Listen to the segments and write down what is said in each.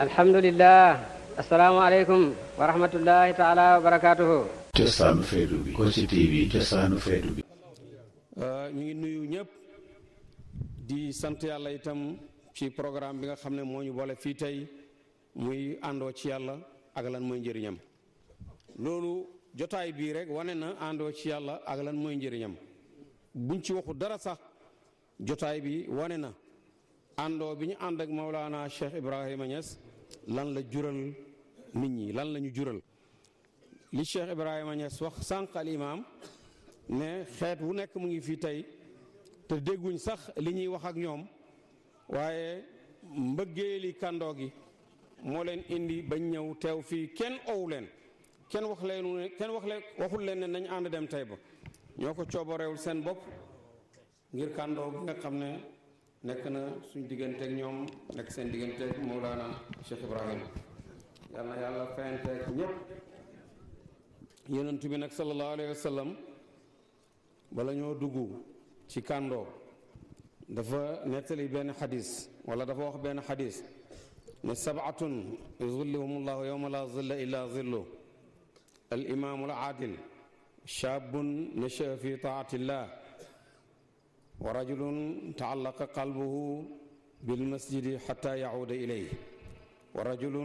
alhamdulillah asalaamaaleykum wa rahmatullahi taala wa barakaatuhu cosaanu bi euh, ñu ngi nuyu ñëpp di sant yàlla itam ci programme bi nga xam ne moo ñu boole fii tey muy àndoo ci yàlla ak lan mooy njëriñam loolu jotaay bii rek wane na àndoo ci ak lan mooy njëriñam buñ ci waxu dara sax jotaay bi wane na àndoo bi ñu ànd ak Maulana Cheikh Ibrahima lan la jural nit ñi lan la ñu jural li Cheikh Ibrahima Niass wax sànq al imaam ne xeet wu nekk mu ngi fii tey te dégguñ sax li ñuy wax ak ñoom waaye mbëggeeli kàndoo gi moo leen indi bañ ñëw teew fii kenn owu leen kenn wax leenu kenn wax leen waxul leen ne nañ ànd dem tey ba ñoo ko coobarewul seen bopp ngir kàndoo gi nga xam ne nekk na suñ digganteeg ñoom nekk seen digganteeg Mawlana Cheikh Ibrahim yal na yàlla fayanteeg ñëpp yonent bi nag sallallahu alayhi wa sallam bala ñoo dugg ci kàndoo dafa nettali benn xadis wala dafa wax benn xadis ne sabatun yuzillihum llahu yowma la zilla illa zillu al imaamu al aadil shaabun nashaa fi taatillah ورجل تعلق قلبه بالمسجد حتى يعود إليه ورجل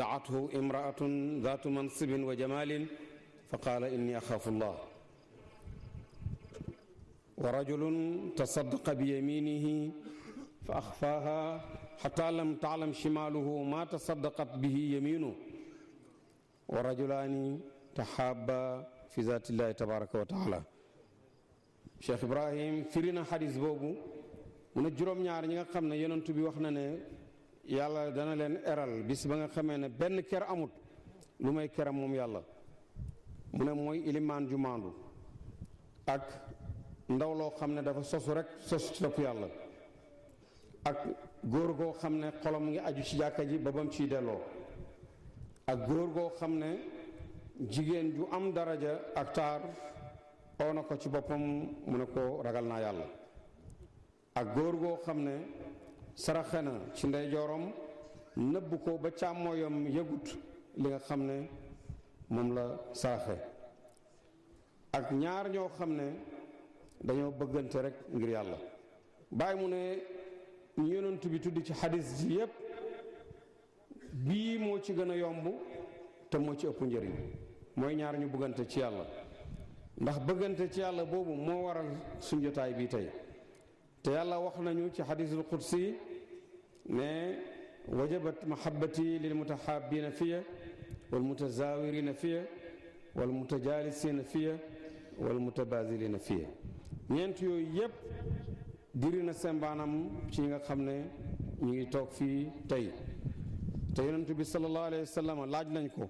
دعته امرأة ذات منصب وجمال فقال إني أخاف الله ورجل تصدق بيمينه فأخفاها حتى لم تعلم شماله ما تصدقت به يمينه ورجلان تحابا في ذات الله تبارك وتعالى Cheikh Ibrahim firi na xadis boobu mu ne juróom-ñaar ñi nga xam ne yonent bi wax na ne yàlla dana leen eral bis ba nga xamee ne benn ker amut lu may kere moom yàlla mu ne mooy ilimaan ju maandu ak ndaw loo xam ne dafa sosu rek sosu ci topp yàlla ak góor goo xam ne xolam mu ngi aju ci jàkka ji ba bam ciy delloo ak góor goo xam ne jigéen ju am daraja ak taar oo na ko ci boppam mu ne ko ragal naa yàlla ak góor goo xam ne saraxe na ci ndeyjooram nëbb ko ba càmmooyam yëgut li nga xam ne moom la saraxe ak ñaar ñoo xam ne dañoo bëggante rek ngir yàlla bàyyi mu ne ñu yonent bi tudd ci xadis ji yépp bii moo ci gën a yomb te moo ci ëpp njariñ mooy ñaar ñu bëggante ci yàlla ndax bëggante ci yàlla boobu moo waral suñ jotaay bi tey te yàlla wax nañu ci xadisul qudsi ne wajabat mahabati lil mutahabina fiya wal mutazawirina fiya wal mutajalisina fiya wal mutabazilina fiya ñeent yooyu yépp diri na sembaanam ci nga xam ne ñu ngi toog fii tey te yonentu bi salallahu alayhi wa sallam laaj nañ ko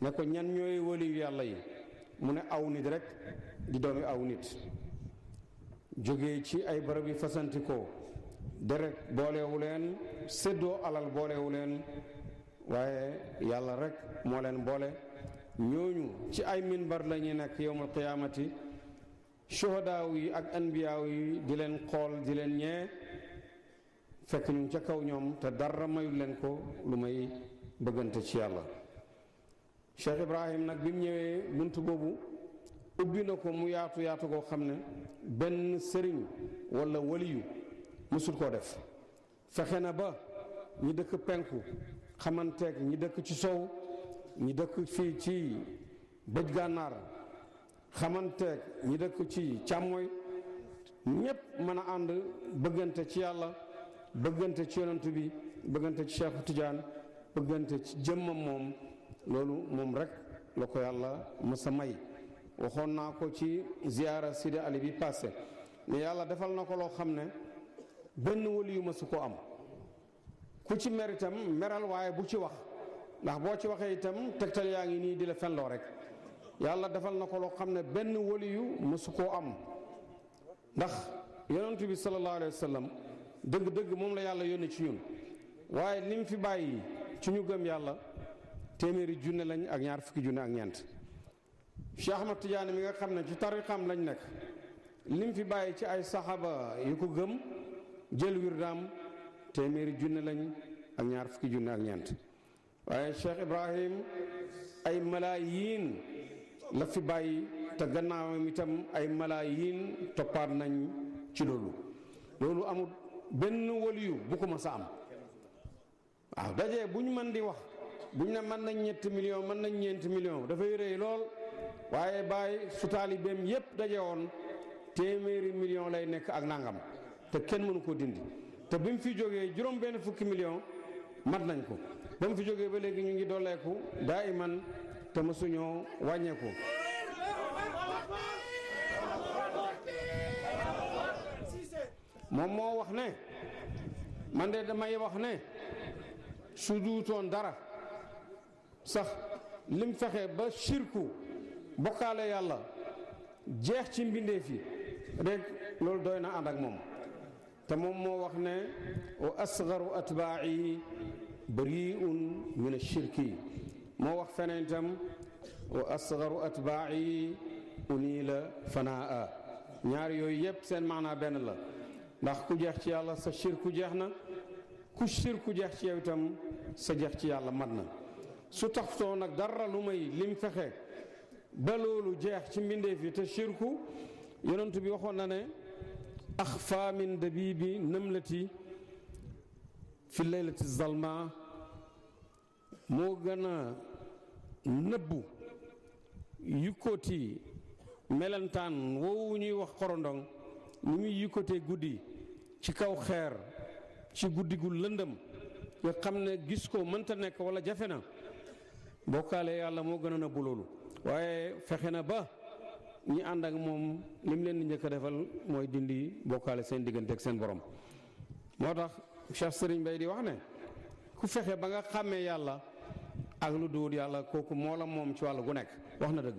ne ko ñan ñooy yu yàlla yi mu ne aw nit rek di doomi aw nit jóge ci ay barab yi fasantikoo derek boolewu leen séddoo alal boolewu leen waaye yàlla rek moo leen boole ñooñu ci ay minbar la ñuy nekk yowmal qiyaamati shuhadaaw yi ak anbiyaaw yi di leen xool di leen ñee fekk ñu ca kaw ñoom te dara mayul leen ko lu may bëggante ci yàlla Cheikh Ibrahim nag bi mu ñëwee bunt boobu ubbi na ko mu yaatu yaatu koo xam ne benn sëriñ walla waliyu mësul koo def fexe na ba ñu dëkk penku xamanteeg ñi dëkk ci sow ñu dëkk fii ci bëj gànnaar xamanteeg ñi dëkk ci càmmooy ñépp mën a ànd bëggante ci yàlla bëggante ci yonent bi bëggante ci Cheikh Tidiane bëggante ci jëmmam moom loolu moom rek la ko yàlla mës a may waxoon naa ko ci ziyaara Sidi Ali bi passé ne yàlla defal na ko loo xam ne benn wali yu mësu ko am ku ci mer itam meral bu ci wax ndax boo ci waxee itam tegtal yaa ngi nii di la fenloo rek yàlla defal na ko loo xam ne benn wali yu mësu koo am ndax yonent bi sallallahu alayhi wa sallam dëgg-dëgg moom la yàlla yónni ci ñun waaye lim fi bàyyi ci ñu gëm yàlla téeméeri junne lañu ak ñaar fukki junne ak ñeent Cheikh Ahmad Tidiane mi nga xam nañ ci tariqam lañu nekk lim fi bàyyi ci ay saxaba yu ko gëm jël wirdaam téeméeri junne lañ ak ñaar fukki junne ak ñeent waaye Cheikh Ibrahim ay malaayin la fi bàyyi te gannaawam itam ay malaayin toppaat nañ ci loolu loolu amul benn waliyu bu ko am waaw daje bu ñu mën di wax. buñ ne mën nañ ñetti million mën nañ ñeenti million dafay rëy lool waaye bàyyi su taalibeem yépp daje woon téeméeri million lay nekk ak nangam te kenn mënu koo dindi te bi mu fi jógee juróom benn fukki million mat nañ ko ba mu fi jógee ba léegi ñu ngi dolleeku daa man te mësuñoo wàññeeku moom moo wax ne man de damay wax ne su duutoon dara صح لم فخي با شركو بقال يالا جيخ تي مبيندي في رك لول دوينا اندك موم تا موم مو واخني واصغر اتباعي بريء من الشرك مو واخ فنان تام واصغر اتباعي انيل فناء ñaar yoy yep sen maana ben la ndax ku jeex ci yalla sa shirku jeexna ku shirku jeex ci yow tam sa jeex ci yalla madna su taxtoo nag dara lu may lim fexe ba loolu jeex ci mbindeef yi te shirku yonent bi waxoon na ne axfa min bi nëmlati fi laylati zalma moo gën a nëbbu yukkooti melentaan wowu ñuy wax xorondong ni muy yukkootee guddi ci kaw xeer ci guddi gu lëndëm nga xam ne gis ko mënta nekk wala jafe na bokkaale yàlla moo gën na nëbbu waaye fexe na ba ñi ànd ak moom lim leen di njëkk a defal mooy dindi bokkaale seen diggante ak seen borom moo tax Cheikh Serigne Bay di wax ne ku fexe ba nga xàmmee yàlla ak lu duwut yàlla kooku moo moom ci wàll gu nekk wax na dëgg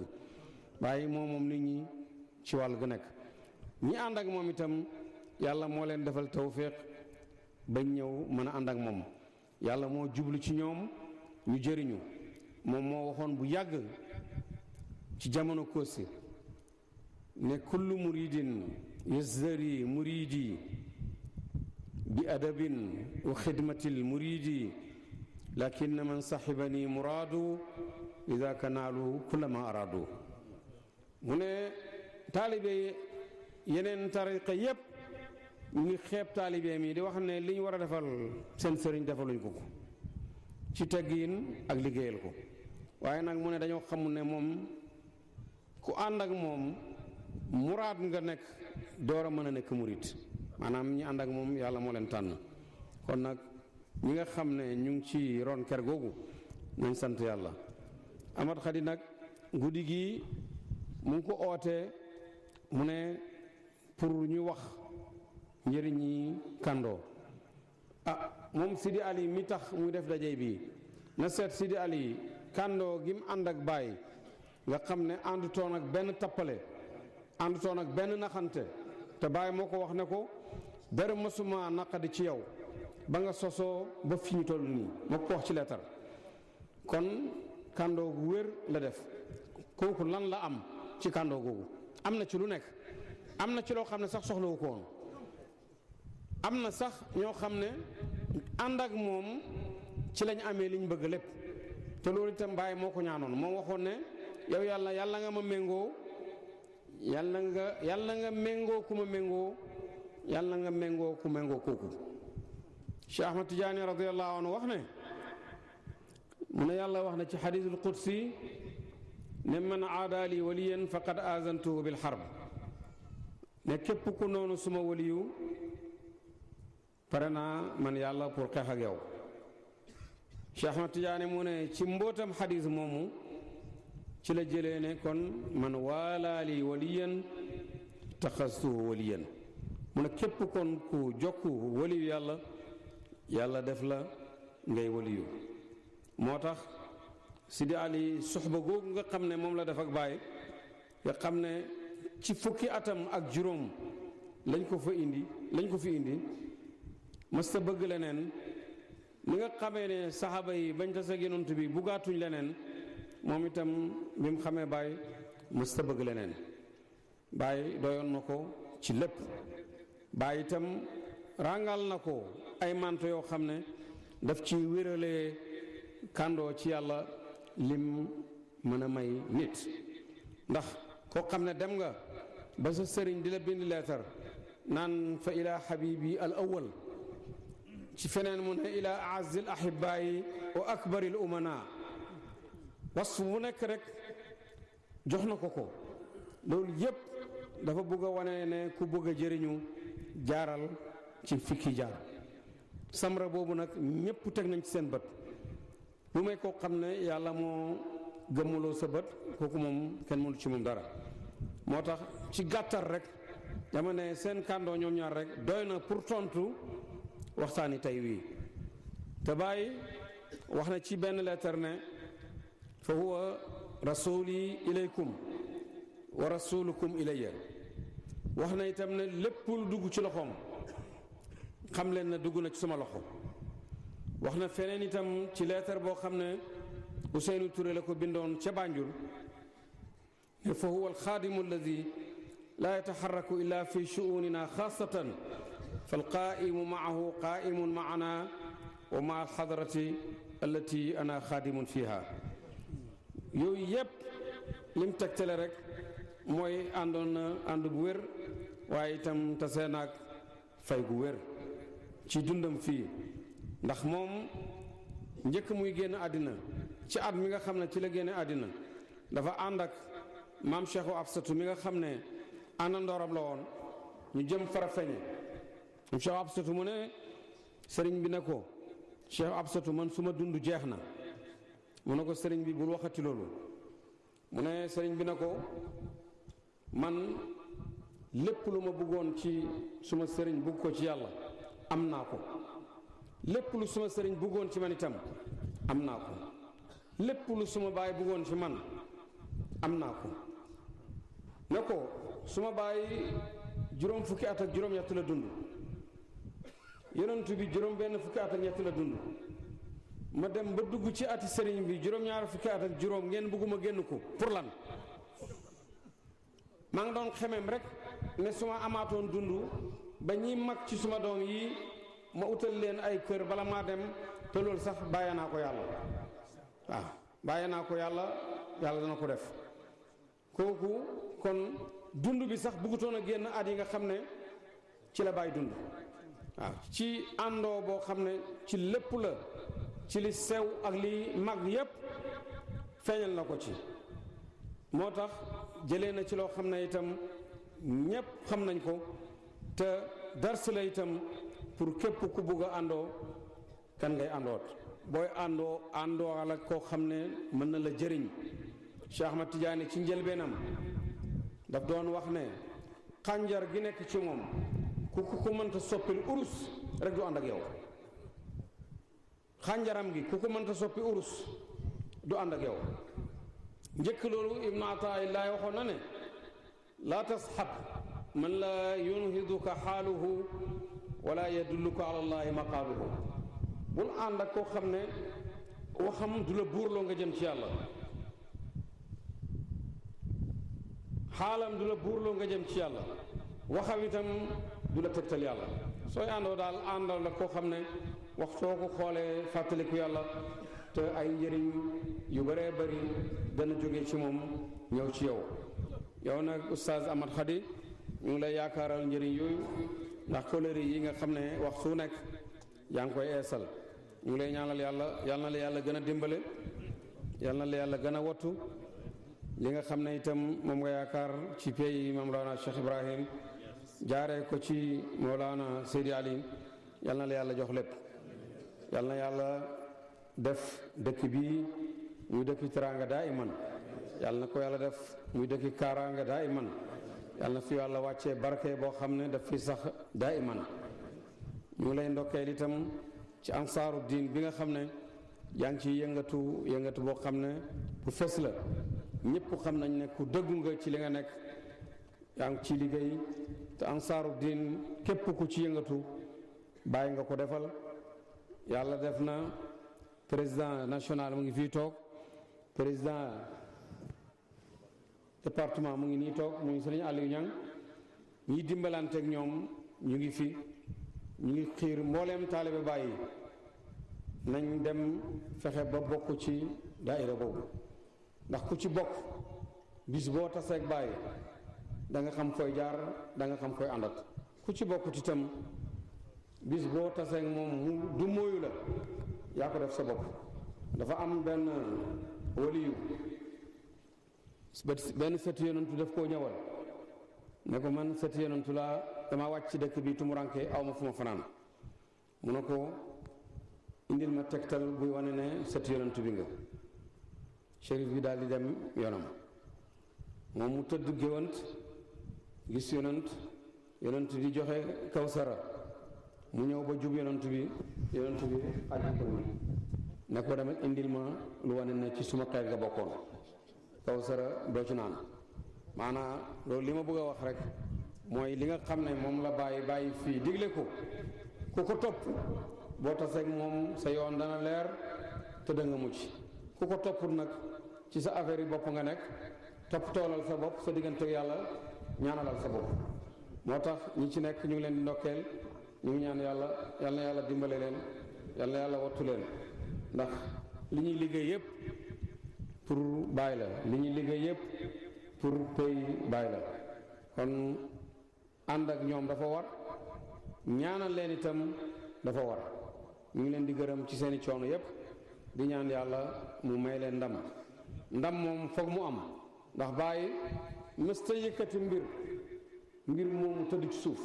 waaye moom moom nit ñi ci wàll gu nekk ñi ànd ak moom itam yàlla moo leen defal tawféex bañ ñëw mën a ànd ak moom yàlla moo jublu ci ñoom ñu jëriñu moom moo waxoon bu yàgg ci jamono koosi ne kullu muridin yasdari muridi bi adabin wa xidmati lmuridi lakin man saxibani muraadu ida kanaalu kulla ma araadu mu ne taalibe yeneen tariqa yépp ñu ngi xeeb taalibe mi di wax ne li ñu war a defal seen sëriñ defaluñ ko ko ci teggin ak liggéeyal ko waaye nag mu ne dañoo xamul ne moom ku ànd ak moom muraad nga nekk door a mën a nekk murit maanaam ñi ànd ak moom yàlla moo leen tànn kon nag ñi nga xam ne ñu ngi ci ron ker googu nañ sant yàlla amat xadi nag guddi gii mu ngi ko ootee mu ne pour ñuy wax yi kandoo ah moom si di àll yi mi tax muy def dajey bii na seet Sidi Ali kàndoo gi mu ànd ak bàyyi nga xam ne àndutoon ak benn tappale àndutoon ak benn naxante te bàyyi moo ko wax ne ko dara mësuma naqadi ci yow ba nga sosoo ba fi ñu toll nii moo ko wax ci leetar kon kàndoo gu wér la def kooku lan la am ci kàndoo googu am na ci lu nekk am na ci loo xam ne sax soxlawu ko woon am na sax ñoo xam ne àndak moom ci lañu amee li ñu bëgg lépp te loolu itam bàyyi moo ko ñaanoon moom waxoon ne yow yàlla yàlla nga ma méngoo yàlla nga yàlla nga méngoo ku ma méngoo yàlla nga méngoo ku méngoo kooku Cheikh Ahmad Tidiane radiallahu anhu wax ne mu ne yàlla wax na ci xadiisul qudsi ne man aada li waliyan faqad azantuhu bil xarb ne képp ku noonu suma waliyu pare naa man yàlla pour xeex ak yow Cheikh Ahmad Tidiane mu ne ci mbootam xadis moomu ci la jëlee ne kon man waalaali waliyan taxastuhu waliyan mu ne képp kon ku jokku waliyu yàlla yàlla def la ngay waliyu moo tax Sidi Ali soxba googu nga xam ne moom la def ak bàyyi nga xam ne ci fukki atam ak juróom lañ ko fa indi lañ ko fi indi mës bëgg leneen li nga xamee ne saxaaba yi bañ taseeg yonent bi buggaatuñ leneen moom itam bi mu xamee baay mës ta bëgg leneen baay doyoon na ko ci lépp bàyyi itam ràngal na ko ay manto yoo xam ne daf ci wéralee kàndoo ci yàlla lim mën a may nit ndax koo xam ne dem nga ba sa sëriñ di la bind leetar naan fa ilaa xabibi al awwal ci feneen mu ne ila aazil ahibaayi wa akbaril umana wasf bu nekk rek jox na ko ko loolu yépp dafa bëgg a wane ne ku bëgg a jëriñu jaaral ci fikki jaar samra boobu nag ñépp teg nañ ci seen bët lu may koo xam ne yàlla moo gëmmuloo sa bët kooku moom kenn mënu ci moom dara moo tax ci gàttal rek dama ne seen kàndoo ñoom ñaar rek doy na pour tontu waxtaani tey wii te bàyyi wax na ci benn leetar ne fa huwa rasuli ilaykum wa rasulukum ilayya wax na itam ne lépp lu dugg ci loxoom xam leen na dugg na ci sama loxo wax na feneen itam ci leetar boo xam ne Ousseynou Touré la ko bindoon ca Banjul ne fa huwa alxaadimu alladi laa yataxarraku illa fi shuunina xaasatan فالقائم معه قائم معنا ومع الحضرة التي أنا خادم فيها يو يب لم تكتلرك موي أندون أندو بوير وايتم تسيناك فاي بوير تي دندم في نخموم نجك موي جينا أدنا تي أد ميغا خمنا تي لجينا أدنا دفا أندك مام شيخو أفسطو ميغا خمنا أنا ندورم لون نجم فرفيني Cheikh Absatu mu ne sëriñ bi ne ko Cheikh Absatu man suma dund jeex na mu ne ko sëriñ bi bul waxati loolu mu ne sëriñ bi ne ko man lépp lu ma buggoon ci suma sëriñ bëgg ko ci yàlla am naa ko lépp lu suma sëriñ bëggoon ci man itam am naa ko lépp lu suma baay buggoon ci man am naa ko ne ko suma baay juróom fukki at ak juróom-ñett la dund yonent bi juróom-benn fukki at ak ñett la dund ma dem ba dugg ci ati sëriñ bi juróom-ñaar fukki at ak juróom ngeen bëgguma génn ko pour lan maa ngi doon xemem rek ne su ma amaatoon dund ba ñiy mag ci suma doom yi ma utal leen ay kër bala maa dem te loolu sax bàyyi naa ko yàlla waaw bàyyi naa ko yàlla yàlla dana ko def kooku kon dund bi sax bëggutoon a génn at yi nga xam ne ci la bàyyi dund waaw ah. ci àndoo boo xam ne ci lépp la ci li sew ak li mag yépp feeñal na ko ci moo tax jëlee na ci loo xam ne itam ñépp xam nañ ko te dars la itam pour képp ku bugg a àndoo kan ngay àndoot booy àndoo àndoo la koo xam ne mën na la jëriñ Cheikh ma Tidiane ci njëlbeenam daf doon wax ne kànjar gi nekk ci moom ku ko mënta soppil urus rek du ànd ak yow xànjaram gi ku ko mënta soppi urus du ànd ak yow njëkk loolu ibnu ataayillaay waxoon na ne laa tas tasxab man la yunhiduka xaaluhu wala yadulluka ala llaahi maqaaluhu bul ànd ak koo xam ne waxam du la buurloo nga jëm ci yàlla xaalam du la buurloo nga jëm ci yàlla waxam itam du la tegtal yàlla sooy àndoo daal àndal la koo xam ne wax foo ko xoolee fàttaliku yàlla te ay njëriñ yu bëree bari dana jóge ci moom ñëw ci yow yow nag oustaz Ahmad Khady ñu ngi lay yaakaaral njëriñ yooyu ndax kóllëre yi nga xam ne wax su nekk yaa ngi koy eesal ñu lay ñaanal yàlla yal yàlla gën a dimbale yal na la yàlla gën a wattu li nga xam ne itam moom nga yaakaar ci pays yi Mawlana Cheikh Ibrahim jaaree ko ci Mawlaana Seydi Ali yal na la yàlla jox lépp yal yàlla def dëkk bi muy dëkki teraanga daa man yal na ko yàlla def muy dëkki kaaraanga daa iman yal na fi yàlla wàccee barke boo xam ne daf fi sax daa man ñu ngi lay ndokkeel itam ci ansaaru diin bi nga xam ne yaa ngi yëngatu yëngatu boo xam ne bu fes la ñëpp xam ne ku dëggu nga ci li nga nekk yaa ngi ci liggéey te ansaaru diin képp ku ci yëngatu bàyyi nga ko defal yàlla def na président national mu ngi fi toog président département mu ngi nii toog mu ngi sëriñ Aliou ñan ñi dimbalanteek ñoom ñu ngi fi ñu ngi xiir mbooleem taalibe bàyyi nañ dem fexe ba bokk ci daaira boobu ndax ku ci bokk bis boo taseeg bàyyi da nga xam koy jaar danga xam koy àndat ku ci bokkut itam bis boo tasee moom mu du mooyu la yaa ko def sa bopp dafa am benn waliyu benn sëtu yonantu daf koo ñëwal ne ko man sëtu yonantu laa dama wàcc ci dëkk bi tumuranke aw ma fu ma fanaan mu ne ko indil ma tegtal buy wane ne sëtu yonantu bi nga shérif bi daal di dem yoonam moom mu tëdd géwant gis yonant yonant di joxe kawsara mu ñëw ba jub yonant bi yonant bi àddu ko ne ko demal indil ma lu wane ne ci suma xeet nga bokkoon kawsara doo ci naan maanaa loolu li ma bëgg a wax rek mooy li nga xam ne moom la bàyyi bàyyi fii digle ko ku ko topp boo taseeg moom sa yoon dana leer te da nga mucc ku ko topput nag ci sa affaire yi bopp nga nekk topp toolal sa bopp sa diggante yàlla ñaanalal sa bopp moo tax ñi ci nekk ñu ngi leen di ndokkeel ñu ñaan yàlla yàlla yàlla dimbale leen yal yàlla wattu leen ndax li ñuy liggéey yépp pour bàyyi la li ñuy liggéey yépp pour pays bàyyi la kon ànd ak ñoom dafa war ñaanal leen itam dafa war ñu ngi leen di gërëm ci seeni coono yépp di ñaan yàlla mu may leen ndam ndam moom foog mu am ndax bàyyi mësta yëkkati mbir mbir moomu tëdd ci suuf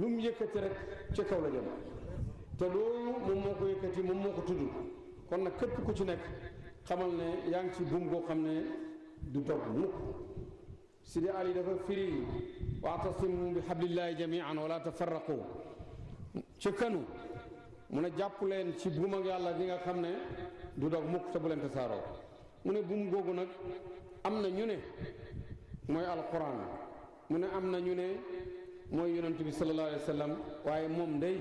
lu mu yëkkati rek ca kaw la jëm te loolu moom moo ko yëkkati moom moo ko tudd kon nag képp ku ci nekk xamal ne yaa ngi ci buum goo xam ne du dog mukk sidi ali dafa firi waatasimu bi hablillahi jamian wala tafarraqu ca kanu mu ne jàpp leen ci buum ak yàlla gi nga xam ne du dog mukk te bu leen tasaaroo mu ne buum googu nag am na ñu ne mooy alquran mu ne am na ñu ne mooy yonent bi sallallahu alayhi waaye moom day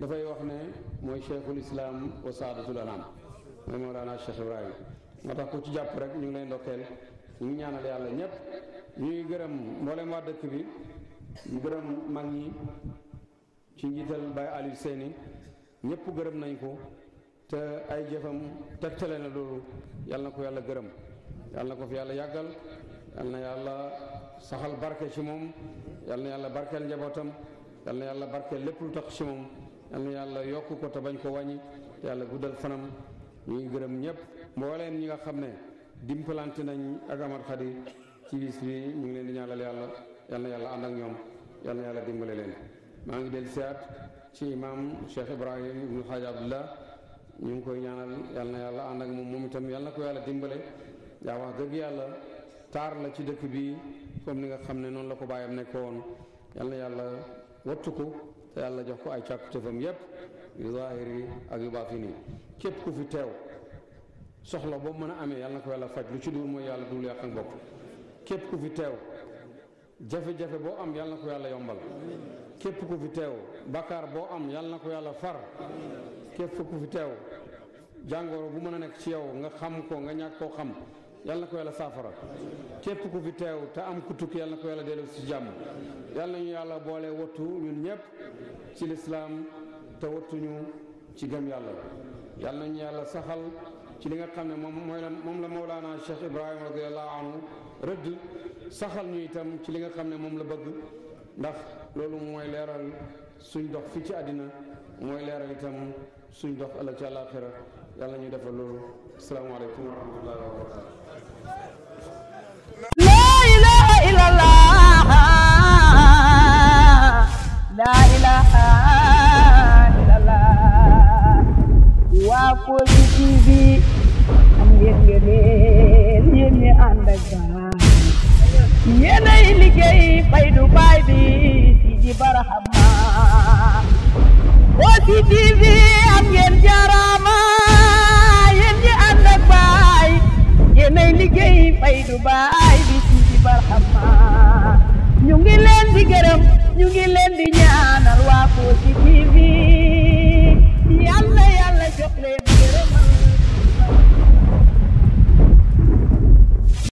dafay wax ne mooy cheikhul islam wa saadatul anam mooy Mawlana Cheikh Ibrahim moo tax ku ci jàpp rek ñu ngi lay ndokkeel ñu ngi ñaanal yàlla ñépp ñuy gërëm mboolem waa dëkk bi ñu gërëm mag ñi ci njiital Baye Aliou Seyni ñépp gërëm nañ ko te ay jëfam tegtale na loolu yàlla na gërëm yàlla na ko fi yàlla yàggal yal na yàlla saxal barke ci moom yal yàlla barkeel njabootam yal yàlla barkeel lépp lu tax ci moom yal na yàlla yokk ko te bañ ko wàññi te yàlla guddal fanam ñu ngi gërëm ñëpp mbooleen ñi nga xam ne dimbalante nañ ak Amar ci bis bi ñu ngi leen di ñaanal yàlla yal yàlla ànd ñoom yal na yàlla dimbale leen maa ngi del siyaat ci imam Cheikh Ibrahim ibnu Xaaja Abdullah ñu ngi koy ñaanal yal yàlla ànd ak moom moom itam yal na yàlla dimbale yaa wax dëgg yàlla taar la ci dëkk bi comme ni nga xam ne noonu la ko bàyyam nekkoon woon na yàlla wattu ko te yàlla jox ko ay càkkutéefam yépp yu zaahiri ak yu baatini képp ku fi teew soxla boobu mën a amee yàlla na ko yàlla faj lu ci dul mooy yàlla dul yàq ak bopp képp ku fi teew jafe-jafe boo am yàlla na ko yàlla yombal képp ku fi teew bàkkaar boo am yàlla na ko yàlla far képp ku fi teew jàngoro bu mën a nekk ci yow nga xam ko nga ñàkk koo xam yàlla na ko yàlla saafara képp ku fi teew te am ku tukki yàlla na ko yàlla delloo si jàmm yàlla nañu yàlla boole wattu ñun ñëpp ci lislaam te wattuñu ci gëm yàlla yàlla nañu yàlla saxal ci li nga xam ne moom mooy la moom la Mawlaana Cheikh Ibrahima radiallahu rëdd saxal ñu itam ci li nga xam ne moom la bëgg ndax loolu mooy leeral suñ dox fii ci àddina mooy leeral itam suñ dox ëllëg ci àllaaxira yàlla ñu defal loolu asalaamaaleykum wa rahmatullahi wa barakaatu la ilaha illallah